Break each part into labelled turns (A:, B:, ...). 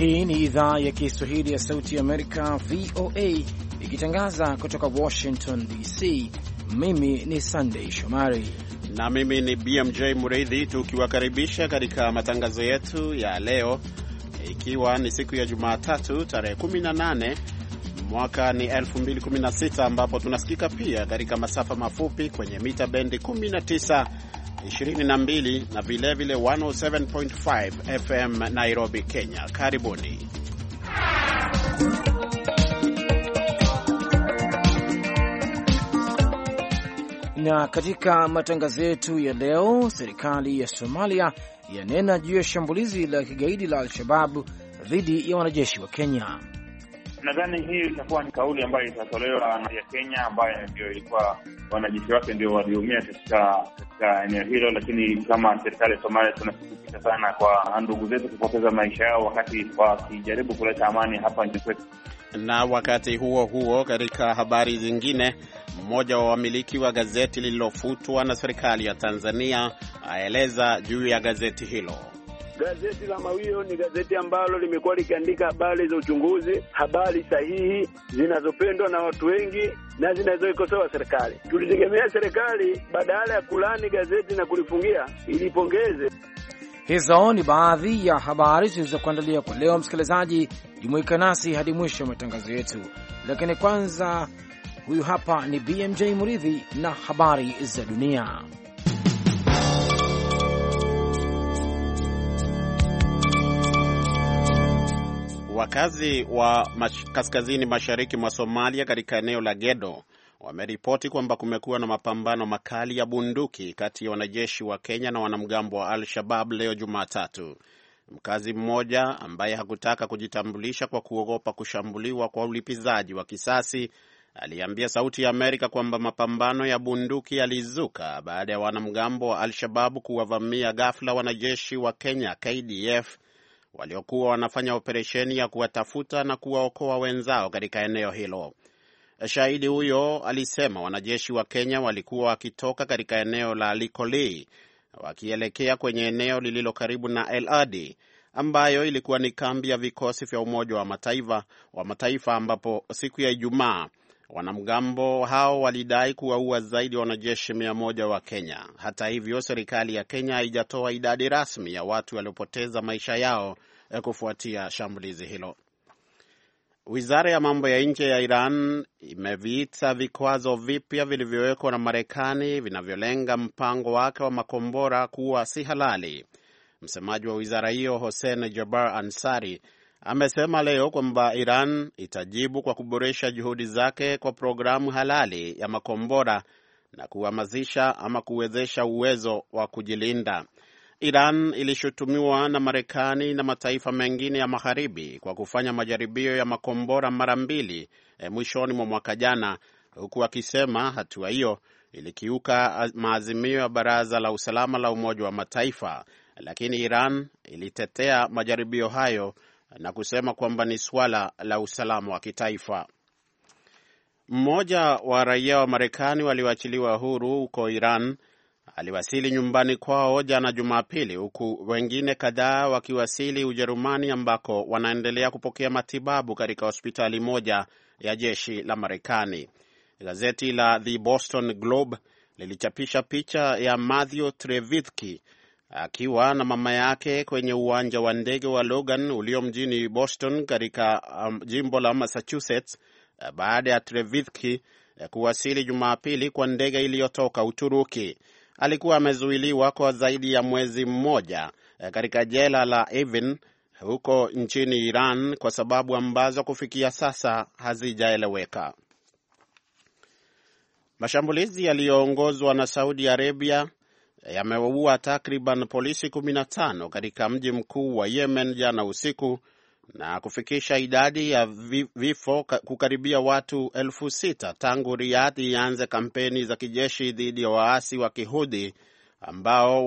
A: Hii ni idhaa ya Kiswahili ya Sauti ya Amerika, VOA, ikitangaza kutoka Washington DC. Mimi ni Sandei Shomari
B: na mimi ni BMJ mridhi tukiwakaribisha katika matangazo yetu ya leo, ikiwa ni siku ya Jumatatu tarehe 18 mwaka ni 2016, ambapo tunasikika pia katika masafa mafupi kwenye mita bendi 19 22 na vilevile 107.5 FM Nairobi, Kenya. Karibuni.
A: Na katika matangazo yetu ya leo, serikali ya Somalia yanena juu ya shambulizi la kigaidi la Al-Shababu dhidi ya wanajeshi wa Kenya.
C: Nadhani hii itakuwa ni kauli ambayo itatolewa na ya Kenya ambayo ndio ilikuwa wanajeshi wake ndio waliumia katika katika eneo hilo, lakini kama serikali ya Somalia tunasikitika sana kwa ndugu zetu kupoteza maisha yao wakati
B: wakijaribu kuleta amani hapa nchi kwetu. Na wakati huo huo, katika habari zingine, mmoja wa wamiliki wa gazeti lililofutwa na serikali ya Tanzania aeleza juu ya gazeti hilo.
D: Gazeti la Mawio ni gazeti ambalo limekuwa likiandika habari za uchunguzi, habari sahihi zinazopendwa na watu wengi na zinazoikosoa serikali. Tulitegemea serikali badala ya kulani gazeti na kulifungia ilipongeze.
A: Hizo ni baadhi ya habari zilizokuandalia kwa leo. Msikilizaji, jumuika nasi hadi mwisho wa matangazo yetu, lakini kwanza, huyu hapa ni BMJ Muridhi na habari za dunia.
B: Wakazi wa mash, kaskazini mashariki mwa Somalia katika eneo la Gedo wameripoti kwamba kumekuwa na mapambano makali ya bunduki kati ya wanajeshi wa Kenya na wanamgambo wa Al-Shabab leo Jumatatu. Mkazi mmoja ambaye hakutaka kujitambulisha kwa kuogopa kushambuliwa kwa ulipizaji wa kisasi aliambia Sauti ya Amerika kwamba mapambano ya bunduki yalizuka baada ya wanamgambo wa Al-Shababu kuwavamia ghafla wanajeshi wa Kenya KDF waliokuwa wanafanya operesheni ya kuwatafuta na kuwaokoa wenzao katika eneo hilo. Shahidi huyo alisema wanajeshi wa Kenya walikuwa wakitoka katika eneo la Likoli wakielekea kwenye eneo lililo karibu na El Adi ambayo ilikuwa ni kambi ya vikosi vya Umoja wa Mataifa, wa Mataifa ambapo siku ya Ijumaa Wanamgambo hao walidai kuwaua zaidi ya wanajeshi mia moja wa Kenya. Hata hivyo, serikali ya Kenya haijatoa idadi rasmi ya watu waliopoteza maisha yao eh, kufuatia shambulizi hilo. Wizara ya mambo ya nje ya Iran imeviita vikwazo vipya vilivyowekwa na Marekani vinavyolenga mpango wake wa makombora kuwa si halali. Msemaji wa wizara hiyo Hossein Jabar Ansari amesema leo kwamba Iran itajibu kwa kuboresha juhudi zake kwa programu halali ya makombora na kuhamasisha ama kuwezesha uwezo wa kujilinda. Iran ilishutumiwa na Marekani na mataifa mengine ya Magharibi kwa kufanya majaribio ya makombora mara mbili e, mwishoni mwa mwaka jana, huku akisema hatua hiyo ilikiuka maazimio ya Baraza la Usalama la Umoja wa Mataifa, lakini Iran ilitetea majaribio hayo na kusema kwamba ni suala la usalama wa kitaifa. Mmoja wa raia wa Marekani walioachiliwa huru huko Iran aliwasili nyumbani kwao jana Jumapili, huku wengine kadhaa wakiwasili Ujerumani ambako wanaendelea kupokea matibabu katika hospitali moja ya jeshi la Marekani. Gazeti la The Boston Globe lilichapisha picha ya Matthew Trevithick akiwa na mama yake kwenye uwanja wa ndege wa Logan ulio mjini Boston katika um, jimbo la Massachusetts eh, baada ya Trevithick eh, kuwasili Jumapili kwa ndege iliyotoka Uturuki. Alikuwa amezuiliwa kwa zaidi ya mwezi mmoja eh, katika jela la Evin huko nchini Iran kwa sababu ambazo kufikia sasa hazijaeleweka. Mashambulizi yaliyoongozwa na Saudi Arabia yamewaua takriban polisi 15 katika mji mkuu wa Yemen jana usiku na kufikisha idadi ya vifo kukaribia watu elfu sita tangu Riyadh ianze kampeni za kijeshi dhidi ya waasi wa Kihudhi ambao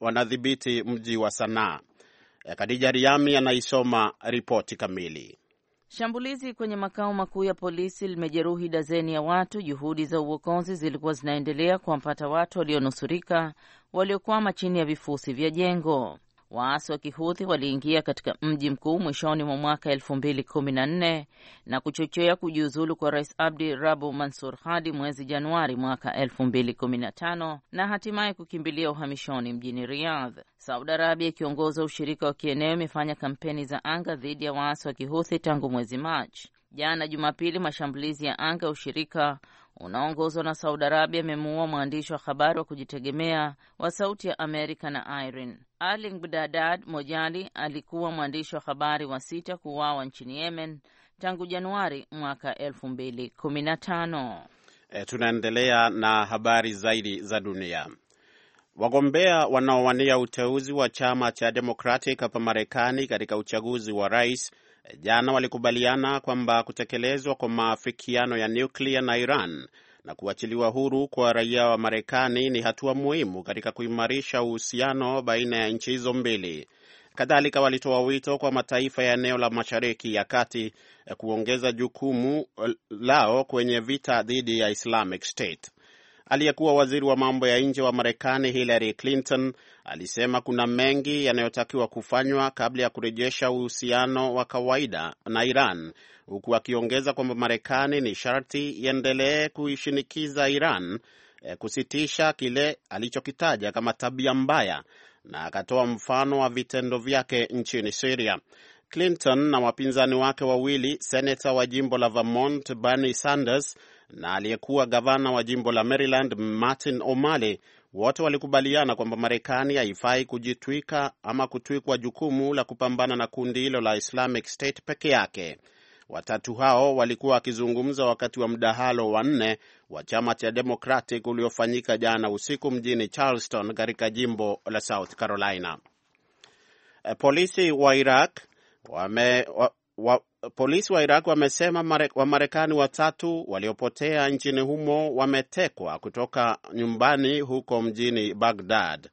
B: wanadhibiti mji wa Sanaa. Khadija Riami anaisoma ripoti kamili.
E: Shambulizi kwenye makao makuu ya polisi limejeruhi dazeni ya watu. Juhudi za uokozi zilikuwa zinaendelea kuwapata watu walionusurika waliokwama chini ya vifusi vya jengo. Waasi wa kihuthi waliingia katika mji mkuu mwishoni mwa mwaka elfu mbili kumi na nne na kuchochea kujiuzulu kwa Rais Abdi Rabu Mansur Hadi mwezi Januari mwaka elfu mbili kumi na tano na hatimaye kukimbilia uhamishoni mjini Riyadh. Saudi Arabia ikiongoza ushirika wa kieneo imefanya kampeni za anga dhidi ya waasi wa kihuthi tangu mwezi Machi. Jana Jumapili, mashambulizi ya anga ya ushirika unaoongozwa na Saudi Arabia amemuua mwandishi wa habari wa kujitegemea wa Sauti ya Amerika na Iran ali Ngudadad Mojali alikuwa mwandishi wa habari wa sita kuuawa nchini Yemen tangu Januari mwaka elfu mbili kumi na tano.
B: E, tunaendelea na habari zaidi za dunia. Wagombea wanaowania uteuzi wa chama cha Democratic hapa Marekani katika uchaguzi wa rais e, jana walikubaliana kwamba kutekelezwa kwa maafikiano ya nyuklia na Iran na kuachiliwa huru kwa raia wa Marekani ni hatua muhimu katika kuimarisha uhusiano baina ya nchi hizo mbili. Kadhalika walitoa wito kwa mataifa ya eneo la Mashariki ya Kati eh, kuongeza jukumu eh, lao kwenye vita dhidi ya Islamic State. Aliyekuwa waziri wa mambo ya nje wa Marekani Hillary Clinton alisema kuna mengi yanayotakiwa kufanywa kabla ya kurejesha uhusiano wa kawaida na Iran, huku akiongeza kwamba Marekani ni sharti iendelee kuishinikiza Iran eh, kusitisha kile alichokitaja kama tabia mbaya, na akatoa mfano wa vitendo vyake nchini siria Clinton na wapinzani wake wawili, seneta wa jimbo la Vermont Bernie Sanders na aliyekuwa gavana wa jimbo la Maryland Martin O'Malley wote walikubaliana kwamba Marekani haifai kujitwika ama kutwikwa jukumu la kupambana na kundi hilo la Islamic State peke yake. Watatu hao walikuwa wakizungumza wakati wa mdahalo wa nne wa chama cha Democratic uliofanyika jana usiku mjini Charleston katika jimbo la South Carolina. Eh, polisi wa Iraq wame, wa, wa, polisi wa Iraq wamesema Wamarekani watatu waliopotea nchini humo wametekwa kutoka nyumbani huko mjini bagdad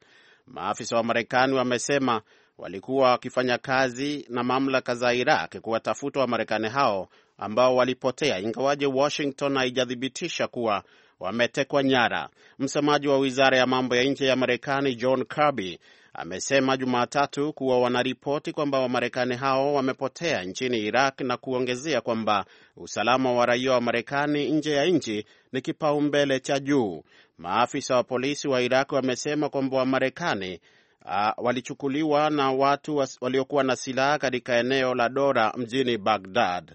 B: Maafisa wa Marekani wamesema walikuwa wakifanya kazi na mamlaka za Iraq kuwatafuta Wamarekani hao ambao walipotea, ingawaje Washington haijathibitisha kuwa wametekwa nyara. Msemaji wa wizara ya mambo ya nje ya Marekani John Kirby amesema Jumatatu kuwa wanaripoti kwamba Wamarekani hao wamepotea nchini Iraq na kuongezea kwamba usalama wa raia wa Marekani nje ya nchi ni kipaumbele cha juu. Maafisa wa polisi wa Iraq wamesema kwamba Wamarekani Uh, walichukuliwa na watu waliokuwa na silaha katika eneo la Dora mjini bagdad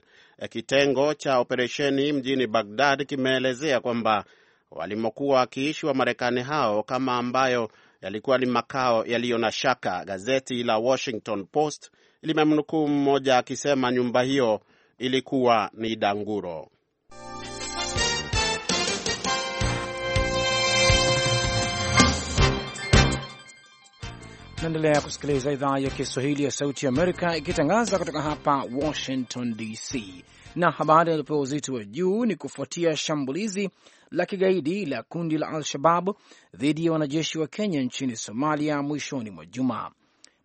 B: Kitengo cha operesheni mjini bagdad kimeelezea kwamba walimokuwa wakiishi Wamarekani hao kama ambayo yalikuwa ni makao yaliyo na shaka. Gazeti la Washington Post limemnukuu mmoja akisema nyumba hiyo ilikuwa ni danguro.
A: Naendelea kusikiliza idhaa ya Kiswahili ya Sauti ya Amerika ikitangaza kutoka hapa Washington DC. Na habari iliyopewa uzito wa juu ni kufuatia shambulizi la kigaidi la kundi la Al-Shabab dhidi ya wanajeshi wa Kenya nchini Somalia mwishoni mwa juma.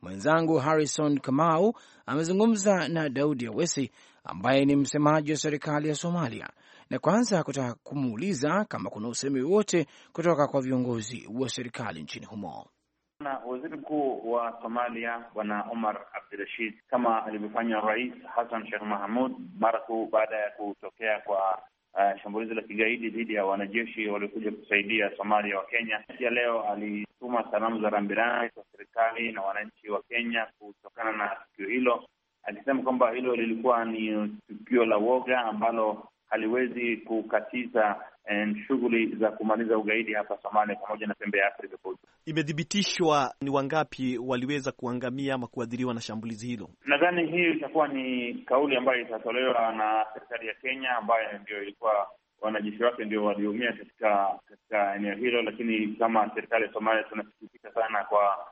A: Mwenzangu Harrison Kamau amezungumza na Daudi Awesi ambaye ni msemaji wa serikali ya Somalia na kwanza kutaka kumuuliza kama kuna usemi wowote kutoka kwa viongozi wa serikali nchini humo
C: na waziri mkuu wa Somalia Bwana Omar Abdirashid, kama alivyofanya Rais Hassan Sheikh Mahamud mara tu baada ya kutokea kwa uh, shambulizi la kigaidi dhidi ya wanajeshi waliokuja kusaidia Somalia wa Kenya, ya leo alituma salamu za rambirambi kwa serikali na wananchi wa Kenya kutokana na tukio hilo, akisema kwamba hilo lilikuwa ni tukio la woga ambalo haliwezi kukatiza eh, shughuli za kumaliza ugaidi hapa Somalia pamoja na pembe ya Afrika kwa ujumla.
F: Imethibitishwa ni wangapi waliweza kuangamia ama kuadhiriwa na shambulizi hilo?
C: Nadhani hii itakuwa ni kauli ambayo itatolewa na serikali ya Kenya ambayo ndio ilikuwa wanajeshi wake ndio waliumia katika katika eneo hilo, lakini kama serikali ya Somalia tunasikitika sana kwa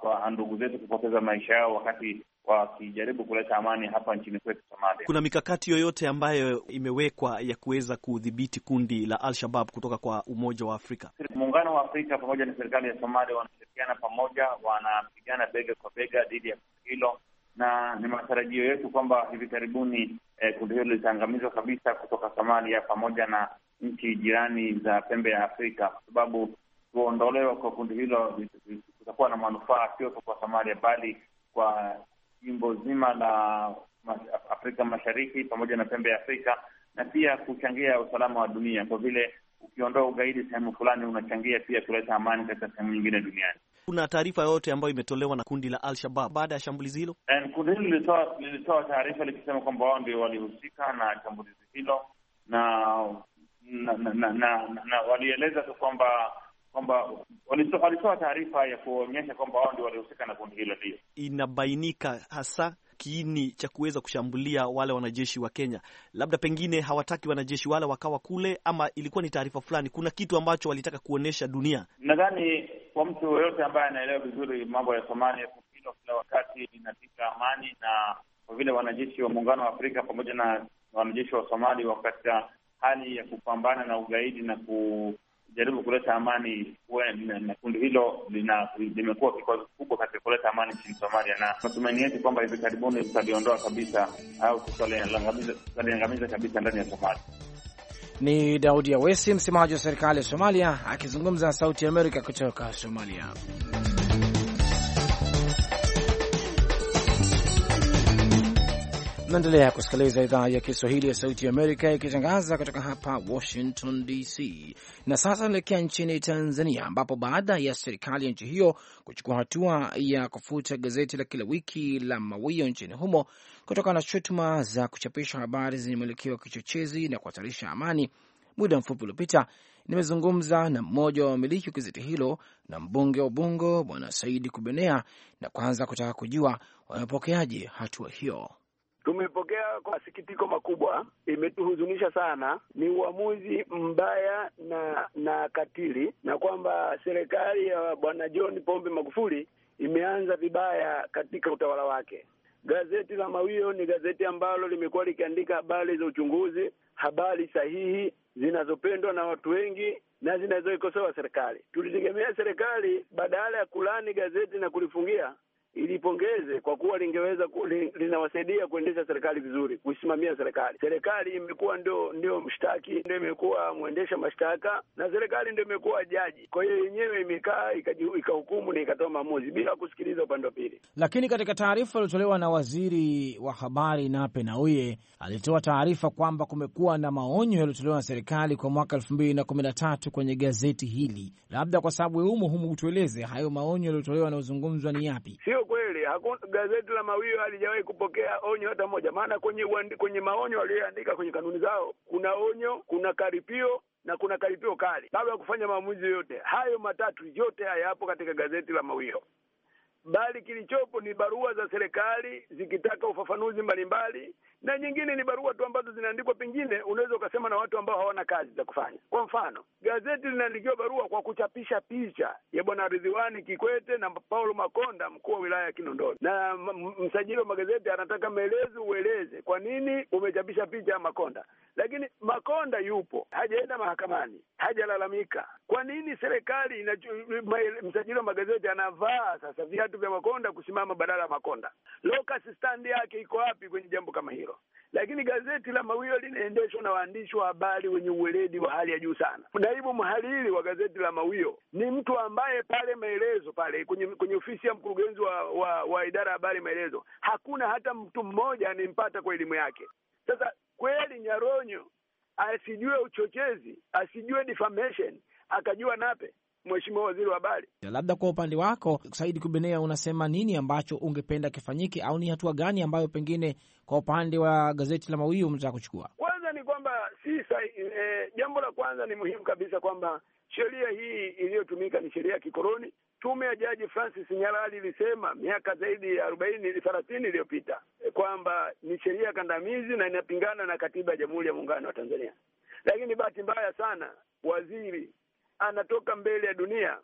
C: kwa ndugu zetu kupoteza maisha yao wakati wakijaribu kuleta amani hapa nchini kwetu Somalia. Kuna
F: mikakati yoyote ambayo imewekwa ya kuweza kudhibiti kundi la Al-Shabab kutoka kwa Umoja wa Afrika?
C: Muungano wa Afrika pamoja na serikali ya Somalia wanashirikiana pamoja, wanapigana bega kwa bega dhidi ya kundi hilo, na ni matarajio yetu kwamba hivi karibuni eh, kundi hilo litaangamizwa kabisa kutoka Somalia pamoja na nchi jirani za pembe ya Afrika, kwa sababu kuondolewa kwa kundi hilo kutakuwa na manufaa sio tu kwa Somalia bali kwa jimbo zima la Afrika Mashariki pamoja na pembe ya Afrika na pia kuchangia usalama wa dunia, kwa vile ukiondoa ugaidi sehemu fulani, unachangia pia kuleta amani katika sehemu nyingine duniani.
G: Kuna
F: taarifa yoyote ambayo imetolewa na kundi la Al-Shabab baada ya shambulizi hilo?
C: Eh, kundi hilo lilitoa lilitoa taarifa likisema kwamba wao ndio walihusika na shambulizi hilo na na, na, na, na, na walieleza tu kwamba kwamba walitoa taarifa ya kuonyesha kwamba wao ndio walihusika na kundi hilo. Ndio
F: inabainika hasa kiini cha kuweza kushambulia wale wanajeshi wa Kenya. Labda pengine hawataki wanajeshi wale wakawa kule, ama ilikuwa ni taarifa fulani, kuna kitu ambacho walitaka kuonyesha dunia.
C: Nadhani kwa mtu yoyote ambaye anaelewa vizuri mambo ya Somalia, kupinda kila wakati inatika amani, na kwa vile wanajeshi wa Muungano wa Afrika pamoja na wanajeshi wa Somali wako katika hali ya kupambana na ugaidi na ku jaribu kuleta amani we, na kundi hilo limekuwa kikwazo kikubwa katika kuleta amani nchini Somalia, na matumaini yetu kwamba hivi karibuni tutaliondoa kabisa au tutaliangamiza kabisa ndani ya Somalia.
A: Ni Daudi Awesi, msemaji wa serikali ya Somalia, akizungumza na Sauti ya Amerika kutoka Somalia. Naendelea kusikiliza idhaa ya Kiswahili ya Sauti ya Amerika ikitangaza kutoka hapa Washington DC. Na sasa naelekea nchini Tanzania, ambapo baada ya serikali ya nchi hiyo kuchukua hatua ya kufuta gazeti la kila wiki la Mawio nchini humo kutokana na shutuma za kuchapisha habari zenye mwelekeo wa kichochezi na kuhatarisha amani, muda mfupi uliopita nimezungumza na mmoja wa wamiliki wa gazeti hilo na mbunge wa Ubungo Bwana Saidi Kubenea, na kwanza kutaka kujua wamepokeaje hatua hiyo.
D: Tumepokea kwa masikitiko makubwa, imetuhuzunisha sana. Ni uamuzi mbaya na na katili, na kwamba serikali ya Bwana John Pombe Magufuli imeanza vibaya katika utawala wake. Gazeti la Mawio ni gazeti ambalo limekuwa likiandika habari za uchunguzi, habari sahihi zinazopendwa na watu wengi na zinazoikosoa serikali. Tulitegemea serikali badala ya kulani gazeti na kulifungia, ilipongeze kwa kuwa lingeweza ku, li, linawasaidia kuendesha serikali vizuri, kuisimamia serikali. Serikali imekuwa ndio ndio mshtaki, ndio imekuwa mwendesha mashtaka, na serikali ndio imekuwa jaji. Kwa hiyo yenyewe imekaa ikahukumu na ikatoa maamuzi bila kusikiliza upande wa pili.
A: Lakini katika taarifa iliyotolewa na waziri wa habari Nape Nnauye, alitoa taarifa kwamba kumekuwa na maonyo yaliyotolewa na serikali kwa mwaka elfu mbili na kumi na tatu kwenye gazeti hili. Labda kwa sababu umo humu, utueleze hayo maonyo yaliyotolewa yanayozungumzwa ni yapi?
D: Sio Sio kweli, hakuna gazeti la Mawio halijawahi kupokea onyo hata moja, maana kwenye kwenye maonyo walioandika kwenye kanuni zao kuna onyo, kuna karipio na kuna karipio kali kabla ya kufanya maamuzi yoyote. Hayo matatu yote hayapo katika gazeti la Mawio, bali kilichopo ni barua za serikali zikitaka ufafanuzi mbalimbali, na nyingine ni barua tu ambazo zinaandikwa, pengine unaweza watu ambao hawana kazi za kufanya. Kwa mfano, gazeti linaandikiwa barua kwa kuchapisha picha ya bwana Ridhiwani Kikwete na Paulo Makonda, mkuu wa wilaya ya Kinondoni, na msajili wa magazeti anataka maelezo, ueleze kwa nini umechapisha picha ya Makonda. Lakini Makonda yupo, hajaenda mahakamani, hajalalamika. Kwa nini serikali msajili wa magazeti anavaa sasa viatu vya Makonda kusimama badala ya Makonda? Locus yake iko wapi kwenye jambo kama hilo? lakini gazeti la Mawio linaendeshwa na waandishi wa habari wenye uweledi wa hali ya juu sana. Naibu mhariri wa gazeti la Mawio ni mtu ambaye pale maelezo pale kwenye kwenye ofisi ya mkurugenzi wa, wa, wa idara ya habari maelezo, hakuna hata mtu mmoja anayempata kwa elimu yake. Sasa kweli Nyaronyo asijue uchochezi, asijue defamation, akajua nape Mheshimiwa Waziri wa Habari.
A: Labda kwa upande wako Said Kubenea, unasema nini ambacho ungependa kifanyike, au ni hatua gani ambayo pengine kwa upande wa gazeti la Mawio mtaka kuchukua?
D: Kwanza ni kwamba si e, jambo la kwanza ni muhimu kabisa kwamba sheria hii iliyotumika ni sheria ya kikoloni. Tume ya Jaji Francis Nyalali ilisema miaka zaidi ya arobaini thelathini iliyopita eh, kwamba ni sheria ya kandamizi na inapingana na katiba ya Jamhuri ya Muungano wa Tanzania, lakini bahati mbaya sana waziri anatoka mbele ya dunia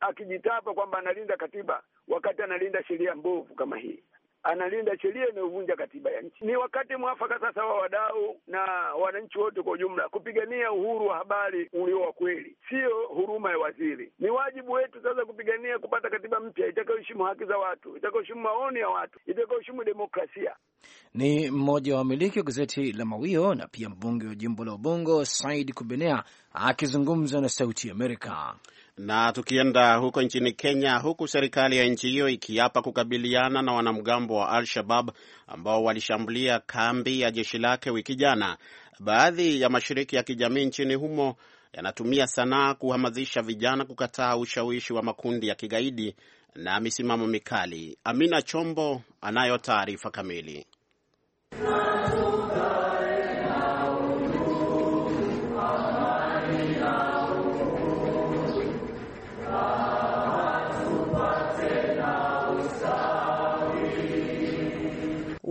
D: akijitapa kwamba analinda katiba wakati analinda sheria mbovu kama hii analinda sheria inayovunja katiba ya nchi. Ni wakati mwafaka sasa wa wadau na wananchi wote kwa ujumla kupigania uhuru wa habari ulio wa kweli, sio huruma ya waziri. Ni wajibu wetu sasa kupigania kupata katiba mpya itakayoheshimu haki za watu, itakayoheshimu maoni ya watu, itakayoheshimu demokrasia.
A: Ni mmoja wa wamiliki wa gazeti la Mawio na pia mbunge wa jimbo la Ubungo, Said Kubenea akizungumza na Sauti Amerika.
B: Na tukienda huko nchini Kenya, huku serikali ya nchi hiyo ikiapa kukabiliana na wanamgambo wa Al-Shabab ambao walishambulia kambi ya jeshi lake wiki jana, baadhi ya mashiriki ya kijamii nchini humo yanatumia sanaa kuhamasisha vijana kukataa ushawishi wa makundi ya kigaidi na misimamo mikali. Amina Chombo anayo taarifa kamili.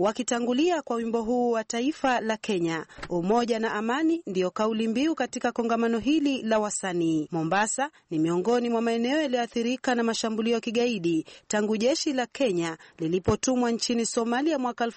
H: Wakitangulia kwa wimbo huu wa taifa la Kenya, umoja na amani ndiyo kauli mbiu katika kongamano hili la wasanii. Mombasa ni miongoni mwa maeneo yaliyoathirika na mashambulio ya kigaidi tangu jeshi la Kenya lilipotumwa nchini Somalia mwaka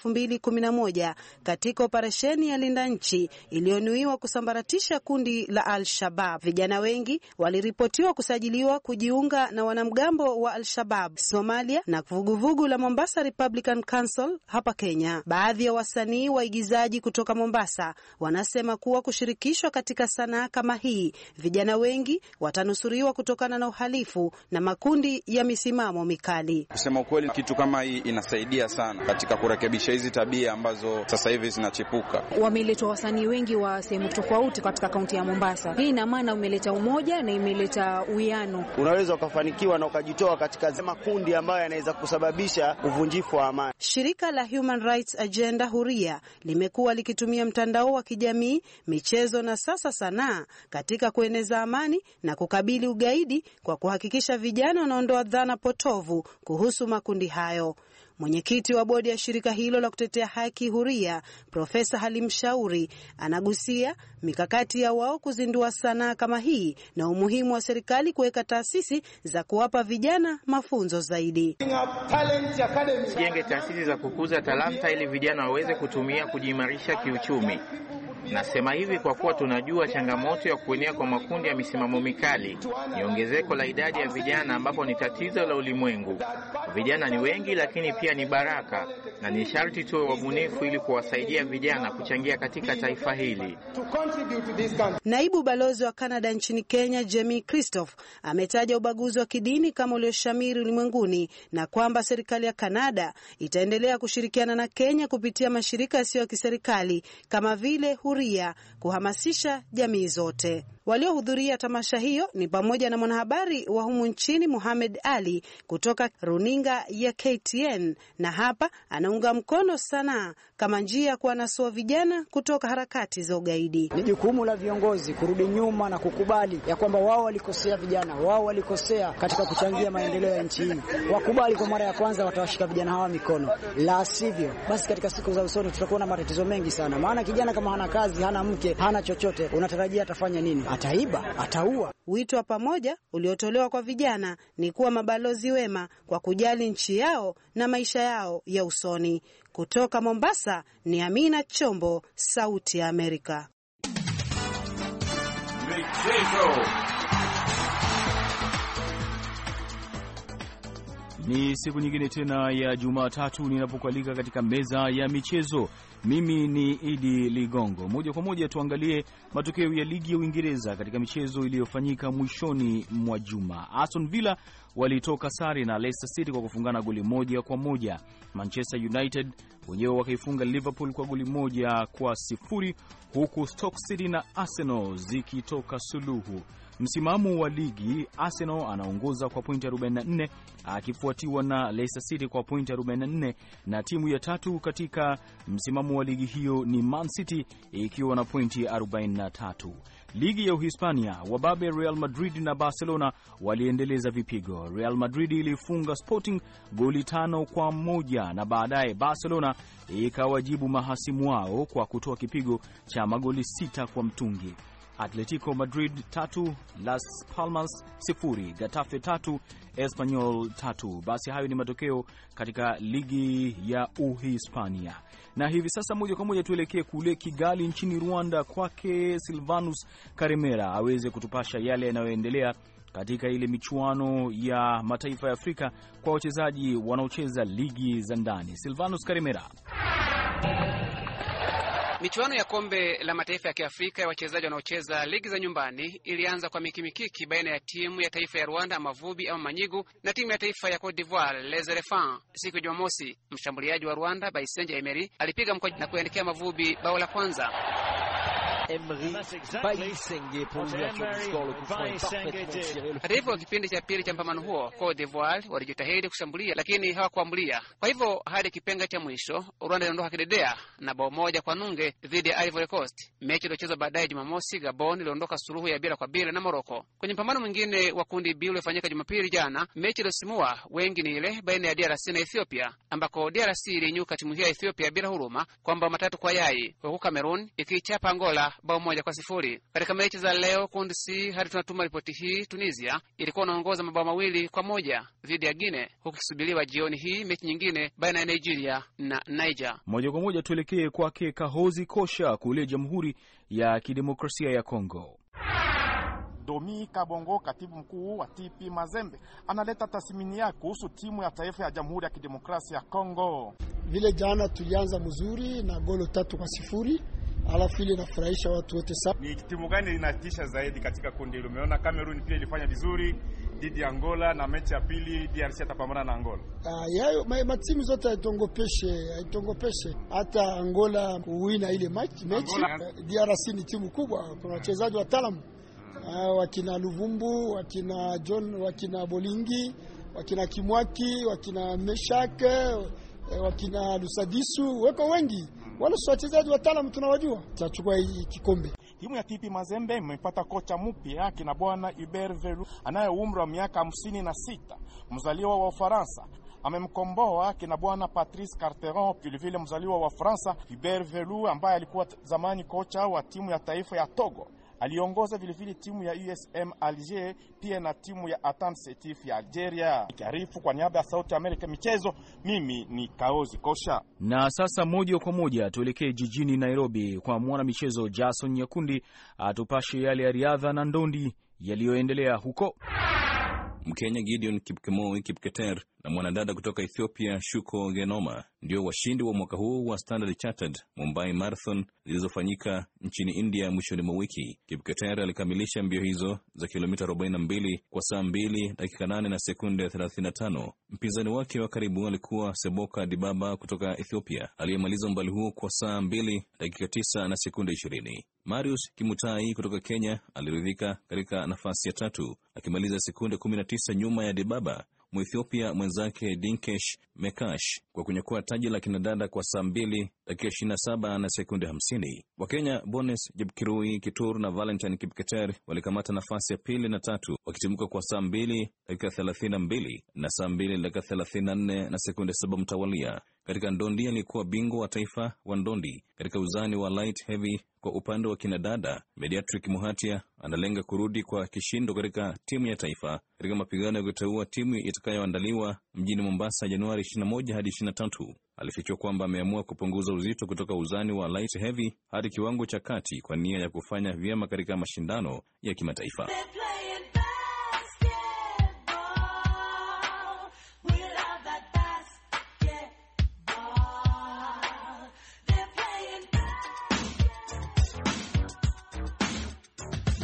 H: moja katika operesheni ya linda nchi iliyonuiwa kusambaratisha kundi la Al-Shabab. Vijana wengi waliripotiwa kusajiliwa kujiunga na wanamgambo wa Al-Shabab Somalia na vuguvugu la Mombasa Republican Council hapa Kenya. Kenya. Baadhi ya wasanii waigizaji kutoka Mombasa wanasema kuwa kushirikishwa katika sanaa kama hii, vijana wengi watanusuriwa kutokana na uhalifu na makundi ya misimamo mikali.
G: Kusema ukweli, kitu kama hii inasaidia sana katika kurekebisha hizi tabia ambazo sasa
B: hivi zinachipuka.
H: Wameletwa wasanii wengi wa sehemu tofauti katika kaunti ya Mombasa. Hii ina maana umeleta umoja na imeleta uwiano.
B: Unaweza ukafanikiwa na ukajitoa katika makundi
D: ambayo yanaweza kusababisha uvunjifu wa amani.
H: Shirika la Human Rights Agenda huria limekuwa likitumia mtandao wa kijamii, michezo na sasa sanaa katika kueneza amani na kukabili ugaidi kwa kuhakikisha vijana wanaondoa dhana potovu kuhusu makundi hayo. Mwenyekiti wa bodi ya shirika hilo la kutetea haki huria, Profesa Halim Shauri, anagusia mikakati ya wao kuzindua sanaa kama hii na umuhimu wa serikali kuweka taasisi za kuwapa vijana mafunzo zaidi.
B: Tujenge taasisi za kukuza talanta ili vijana waweze kutumia kujiimarisha kiuchumi. Nasema hivi kwa kuwa tunajua changamoto ya kuenea kwa
A: makundi ya misimamo mikali ni ongezeko la idadi ya vijana, ambapo ni tatizo la ulimwengu.
B: Vijana ni wengi, lakini pia ni baraka, na ni sharti tuwe wabunifu ili kuwasaidia vijana kuchangia katika taifa hili.
H: Naibu balozi wa Kanada nchini Kenya, Jamie Christoph, ametaja ubaguzi wa kidini kama ulioshamiri ulimwenguni na kwamba serikali ya Kanada itaendelea kushirikiana na Kenya kupitia mashirika yasiyo ya kiserikali kama vile kuhudhuria kuhamasisha jamii zote. Waliohudhuria tamasha hiyo ni pamoja na mwanahabari wa humu nchini Muhamed Ali kutoka runinga ya KTN, na hapa anaunga mkono sanaa kama njia ya kuwanasua vijana kutoka harakati za ugaidi. Ni jukumu la viongozi kurudi nyuma na kukubali ya kwamba wao walikosea, vijana wao walikosea katika kuchangia maendeleo ya nchi hii. Wakubali kwa mara ya kwanza, watawashika vijana hawa mikono, la sivyo basi katika siku za usoni tutakuwa na matatizo mengi sana, maana kijana kama hana kazi kazi, hana mke, hana chochote, unatarajia atafanya nini? Ataiba? Ataua? Wito wa pamoja uliotolewa kwa vijana ni kuwa mabalozi wema kwa kujali nchi yao na maisha yao ya usoni. Kutoka Mombasa ni Amina Chombo, Sauti ya Amerika.
G: Michezo.
F: Ni siku nyingine tena ya Jumatatu ninapokualika katika meza ya michezo. Mimi ni Idi Ligongo. Moja kwa moja tuangalie matokeo ya ligi ya Uingereza katika michezo iliyofanyika mwishoni mwa juma. Aston Villa walitoka sare na Leicester City kwa kufungana goli moja kwa moja. Manchester United wenyewe wakaifunga Liverpool kwa goli moja kwa sifuri, huku Stoke City na Arsenal zikitoka suluhu. Msimamo wa ligi, Arsenal anaongoza kwa pointi 44 akifuatiwa na Leicester City kwa pointi 44, na timu ya tatu katika msimamo wa ligi hiyo ni Man City ikiwa na pointi 43. Ligi ya Uhispania, wababe Real Madrid na Barcelona waliendeleza vipigo. Real Madrid ilifunga Sporting goli tano kwa moja na baadaye Barcelona ikawajibu mahasimu wao kwa kutoa kipigo cha magoli sita kwa mtungi. Atletico Madrid 3 Las Palmas 0, Getafe 3 Espanyol 3. Basi hayo ni matokeo katika ligi ya Uhispania, na hivi sasa moja kwa moja tuelekee kule Kigali nchini Rwanda, kwake Silvanus Karemera aweze kutupasha yale yanayoendelea katika ile michuano ya mataifa ya Afrika kwa wachezaji wanaocheza ligi za ndani. Silvanus Karemera
I: Michuano ya kombe la mataifa ya kiafrika ya wachezaji wanaocheza ligi za nyumbani ilianza kwa mikimikiki baina ya timu ya taifa ya Rwanda Amavubi ama Manyigu na timu ya taifa ya Cote d'Ivoire Les Elephants siku ya Jumamosi. Mshambuliaji wa Rwanda Baisenje Emery alipiga mkwaju na kuandikia mavubi bao la kwanza. Emery
A: Bayisenge
I: Hata hivyo, kipindi cha pili cha mpambano huo Cote d'Ivoire walijitahidi kushambulia, lakini hawakuambulia. Kwa hivyo hadi kipenga cha mwisho Rwanda iliondoka kidedea na bao moja kwa nunge dhidi ya Ivory Coast. Mechi iliyochezwa baadaye Jumamosi, Gabon iliondoka suluhu ya bila kwa bila na Moroko. Kwenye mpambano mwingine wa kundi B uliofanyika Jumapili jana, mechi iliyosimua wengi ni ile baina ya DRC na Ethiopia, ambako DRC ilinyuka timu hiyo ya Ethiopia bila huruma kwa mabao matatu kwa yai, huku Cameroon ikiichapa Angola bao moja kwa sifuri. Katika mechi za leo kundi C hadi tunatuma ripoti hii, Tunisia ilikuwa inaongoza mabao mawili kwa moja dhidi ya Guine, huku ikisubiriwa jioni hii mechi nyingine baina ya Nigeria na Niger.
F: Moja kwa moja tuelekee kwake Kahozi Kosha kule Jamhuri ya Kidemokrasia ya Kongo. Domi Kabongo, katibu mkuu wa TP Mazembe, analeta tathmini yake kuhusu timu ya taifa ya Jamhuri ya Kidemokrasia ya Kongo.
B: Vile jana tulianza mzuri na golo tatu
I: kwa sifuri
F: alafu ile inafurahisha watu wote sana. Ni
C: timu gani inatisha zaidi katika kundi hilo? Umeona Cameroon pia ilifanya vizuri dhidi ya Angola na mechi ya pili DRC atapambana na Angola.
B: Ah, yayo ma, zote haitongopeshe haitongopeshe hata Angola kuwina ile mechi. Eh, DRC ni timu kubwa, kuna wachezaji wataalamu ah, wakina Luvumbu, wakina John, wakina Bolingi, wakina Kimwaki, wakina Meshak, eh, wakina Lusadisu, weko wengi wale si wachezaji wataalamu, tunawajua. Tutachukua hii kikombe.
F: Timu ya TP Mazembe imepata kocha mpya kina bwana Hubert Velu anaye umri wa miaka hamsini na sita, mzaliwa wa Ufaransa amemkomboa kina bwana Patrice Carteron, vilevile mzaliwa wa Fransa. Hubert Velu ambaye alikuwa zamani kocha wa timu ya taifa ya Togo Aliongoza vilevile timu ya USM Alger pia na timu ya Atan Setif ya Algeria. Ikiarifu kwa niaba ya Sauti ya Amerika michezo, mimi ni Kaozi Kosha. Na sasa moja kwa moja tuelekee jijini Nairobi kwa mwana michezo Jason Nyakundi atupashe yale ya riadha na ndondi
G: yaliyoendelea huko. Mkenya Gideon Kipkemoi Kipketer na mwanadada kutoka Ethiopia Shuko Genoma ndio washindi wa mwaka huu wa Standard Chartered Mumbai Marathon zilizofanyika nchini India mwishoni mwa wiki. Kipketer alikamilisha mbio hizo za kilomita 42 kwa saa 2 dakika 8 na sekunde 35. Mpinzani wake wa karibu alikuwa Seboka Dibaba kutoka Ethiopia aliyemaliza umbali huo kwa saa 2 dakika 9 na sekunde 20. Marius Kimutai kutoka Kenya aliridhika katika nafasi ya tatu akimaliza sekunde 19 nyuma ya Dibaba Mwethiopia mwenzake Dinkesh Mekash kwa kunyakua taji la kinadada kwa saa m2 dakika 27 na saba na sekunde hamsini. Wakenya Bones Jepkirui Kitur na Valentine Kipketer walikamata nafasi ya pili na tatu wakitimuka kwa saa mbili dakika thelathini na mbili na saa mbili dakika thelathini na nne na sekunde saba mtawalia katika ndondi aliyekuwa bingwa wa taifa wa ndondi katika uzani wa light heavy. Kwa upande wa kinadada, Mediatrick Muhatia analenga kurudi kwa kishindo katika timu ya taifa katika mapigano ya kuteua timu itakayoandaliwa mjini Mombasa Januari 21 hadi 23. Alifichwa kwamba ameamua kupunguza uzito kutoka uzani wa light heavy hadi kiwango cha kati kwa nia ya kufanya vyema katika mashindano ya kimataifa.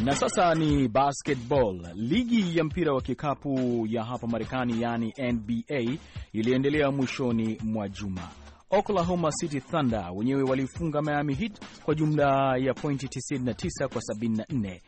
F: Na sasa ni basketball. Ligi ya mpira wa kikapu ya hapa Marekani, yani NBA, iliendelea mwishoni mwa juma. Oklahoma City Thunder wenyewe walifunga Miami Heat kwa jumla ya pointi 99 kwa 74.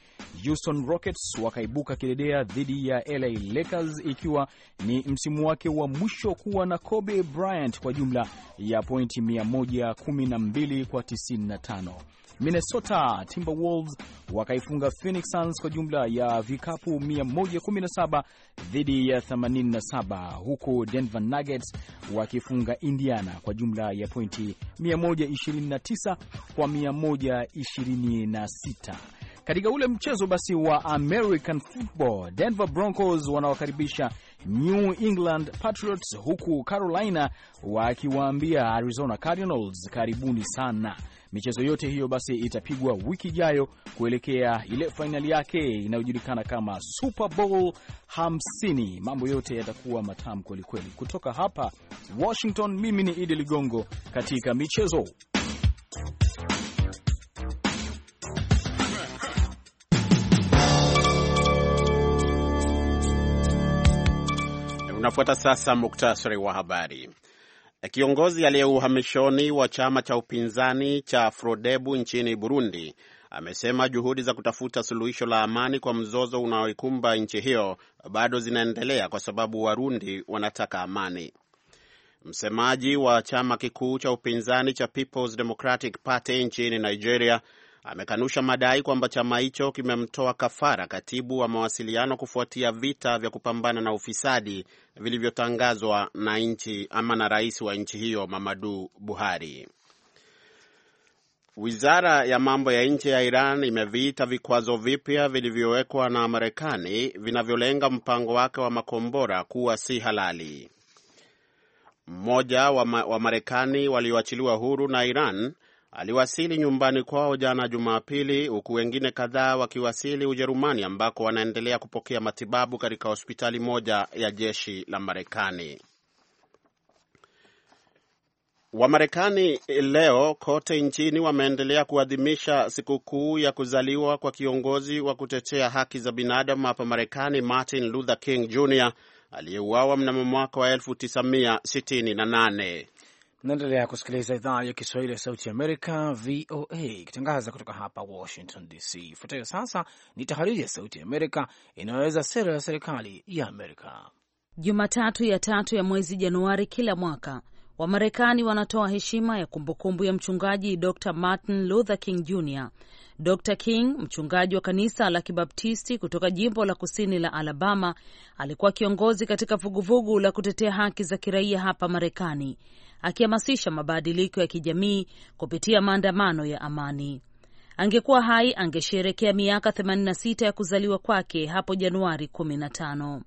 F: Houston Rockets wakaibuka kidedea dhidi ya LA Lakers ikiwa ni msimu wake wa mwisho kuwa na Kobe Bryant kwa jumla ya pointi 112 kwa 95. Minnesota Timberwolves wakaifunga Phoenix Suns kwa jumla ya vikapu 117 dhidi ya 87, huku Denver Nuggets wakifunga Indiana kwa jumla ya pointi 129 kwa 126. Katika ule mchezo basi wa American Football, Denver Broncos wanawakaribisha New England Patriots, huku Carolina wakiwaambia Arizona Cardinals karibuni sana. Michezo yote hiyo basi itapigwa wiki ijayo kuelekea ile fainali yake inayojulikana kama Super Bowl 50. Mambo yote yatakuwa matamu kwelikweli. Kutoka hapa Washington, mimi ni Idi Ligongo katika michezo.
B: Unafuata sasa muktasari wa habari. Kiongozi aliye uhamishoni wa chama cha upinzani cha Frodebu nchini Burundi amesema juhudi za kutafuta suluhisho la amani kwa mzozo unaoikumba nchi hiyo bado zinaendelea kwa sababu Warundi wanataka amani. Msemaji wa chama kikuu cha upinzani cha People's Democratic Party nchini Nigeria amekanusha madai kwamba chama hicho kimemtoa kafara katibu wa mawasiliano kufuatia vita vya kupambana na ufisadi vilivyotangazwa na nchi ama na rais wa nchi hiyo Mamadu Buhari. Wizara ya mambo ya nje ya Iran imeviita vikwazo vipya vilivyowekwa na Marekani vinavyolenga mpango wake wa makombora kuwa si halali. Mmoja wa Marekani walioachiliwa huru na Iran aliwasili nyumbani kwao jana Jumapili, huku wengine kadhaa wakiwasili Ujerumani ambako wanaendelea kupokea matibabu katika hospitali moja ya jeshi la Marekani. Wamarekani leo kote nchini wameendelea kuadhimisha sikukuu ya kuzaliwa kwa kiongozi wa kutetea haki za binadamu hapa Marekani, Martin Luther King Jr aliyeuawa mnamo mwaka wa 1968.
A: Naendelea kusikiliza idhaa ya Kiswahili ya Sauti Amerika, VOA, ikitangaza kutoka hapa Washington DC. Ifuatayo sasa ni tahariri ya Sauti Amerika inayoweza sera ya serikali ya
J: Amerika. Jumatatu ya tatu ya mwezi Januari kila mwaka Wamarekani wanatoa heshima ya kumbukumbu ya mchungaji Dr Martin Luther King Jr. Dr King, mchungaji wa kanisa la Kibaptisti kutoka jimbo la kusini la Alabama, alikuwa kiongozi katika vuguvugu la kutetea haki za kiraia hapa Marekani akihamasisha mabadiliko ya kijamii kupitia maandamano ya amani. Angekuwa hai angesherekea miaka 86 ya kuzaliwa kwake hapo Januari 15,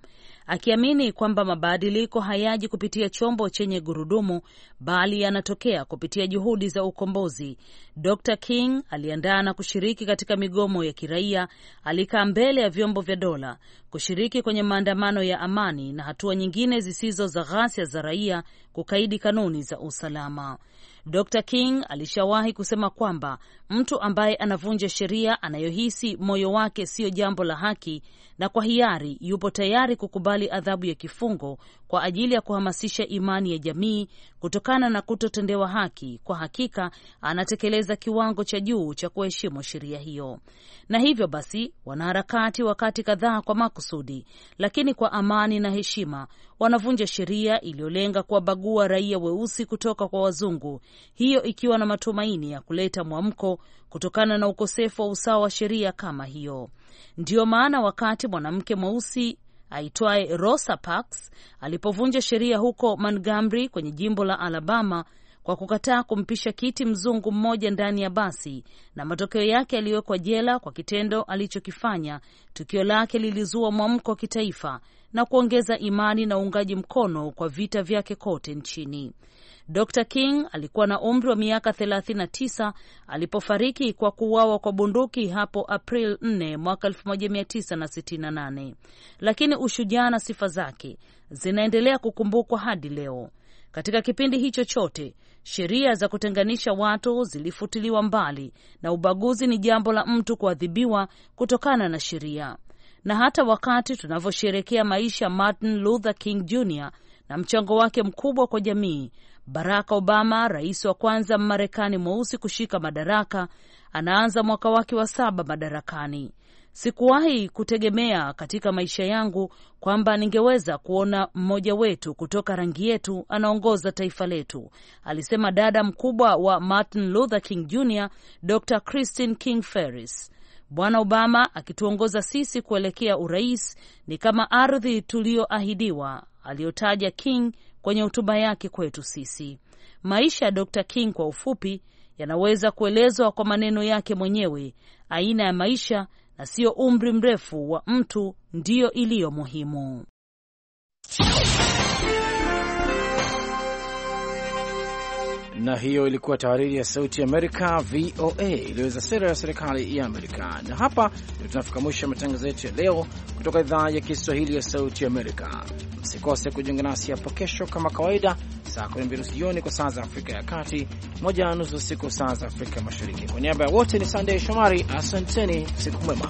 J: akiamini kwamba mabadiliko hayaji kupitia chombo chenye gurudumu bali yanatokea kupitia juhudi za ukombozi. Dr King aliandaa na kushiriki katika migomo ya kiraia, alikaa mbele ya vyombo vya dola, kushiriki kwenye maandamano ya amani na hatua nyingine zisizo za ghasia za raia kukaidi kanuni za usalama. Dr King alishawahi kusema kwamba mtu ambaye anavunja sheria anayohisi moyo wake siyo jambo la haki na kwa hiari yupo tayari kukubali adhabu ya kifungo kwa ajili ya kuhamasisha imani ya jamii kutokana na kutotendewa haki, kwa hakika anatekeleza kiwango cha juu cha kuheshimu sheria hiyo. Na hivyo basi, wanaharakati wakati kadhaa kwa makusudi, lakini kwa amani na heshima, wanavunja sheria iliyolenga kuwabagua raia weusi kutoka kwa wazungu, hiyo ikiwa na matumaini ya kuleta mwamko kutokana na ukosefu wa usawa wa sheria kama hiyo. Ndiyo maana wakati mwanamke mweusi aitwaye Rosa Parks alipovunja sheria huko Montgomery kwenye jimbo la Alabama kwa kukataa kumpisha kiti mzungu mmoja ndani ya basi, na matokeo yake aliwekwa jela kwa kitendo alichokifanya. Tukio lake lilizua mwamko wa kitaifa na kuongeza imani na uungaji mkono kwa vita vyake kote nchini. Dr King alikuwa na umri wa miaka 39 alipofariki kwa kuuawa kwa bunduki hapo April 4 mwaka 1968, lakini ushujaa na sifa zake zinaendelea kukumbukwa hadi leo. Katika kipindi hicho chote, sheria za kutenganisha watu zilifutiliwa mbali na ubaguzi ni jambo la mtu kuadhibiwa kutokana na sheria. Na hata wakati tunavyosherekea maisha Martin Luther King Jr na mchango wake mkubwa kwa jamii, Barack Obama, rais wa kwanza marekani mweusi kushika madaraka, anaanza mwaka wake wa saba madarakani. Sikuwahi kutegemea katika maisha yangu kwamba ningeweza kuona mmoja wetu kutoka rangi yetu anaongoza taifa letu, alisema dada mkubwa wa Martin Luther King Jr, Dr Christine King Ferris. Bwana Obama akituongoza sisi kuelekea urais ni kama ardhi tuliyoahidiwa, aliyotaja King kwenye hotuba yake kwetu sisi. Maisha ya Dr. King kwa ufupi yanaweza kuelezwa kwa maneno yake mwenyewe: aina ya maisha na siyo umri mrefu wa mtu ndiyo iliyo muhimu.
A: na hiyo ilikuwa tahariri ya Sauti Amerika VOA iliyoweza sera ya serikali ya Amerika. Na hapa ndio tunafika mwisho ya matangazo yetu ya leo kutoka idhaa ya Kiswahili ya Sauti Amerika. Msikose kujiunga nasi hapo kesho kama kawaida, saa kumi na mbili jioni kwa saa za Afrika ya Kati, moja na nusu usiku saa za Afrika
J: Mashariki. Kwa niaba ya wote ni Sandey Shomari, asanteni, siku mwema.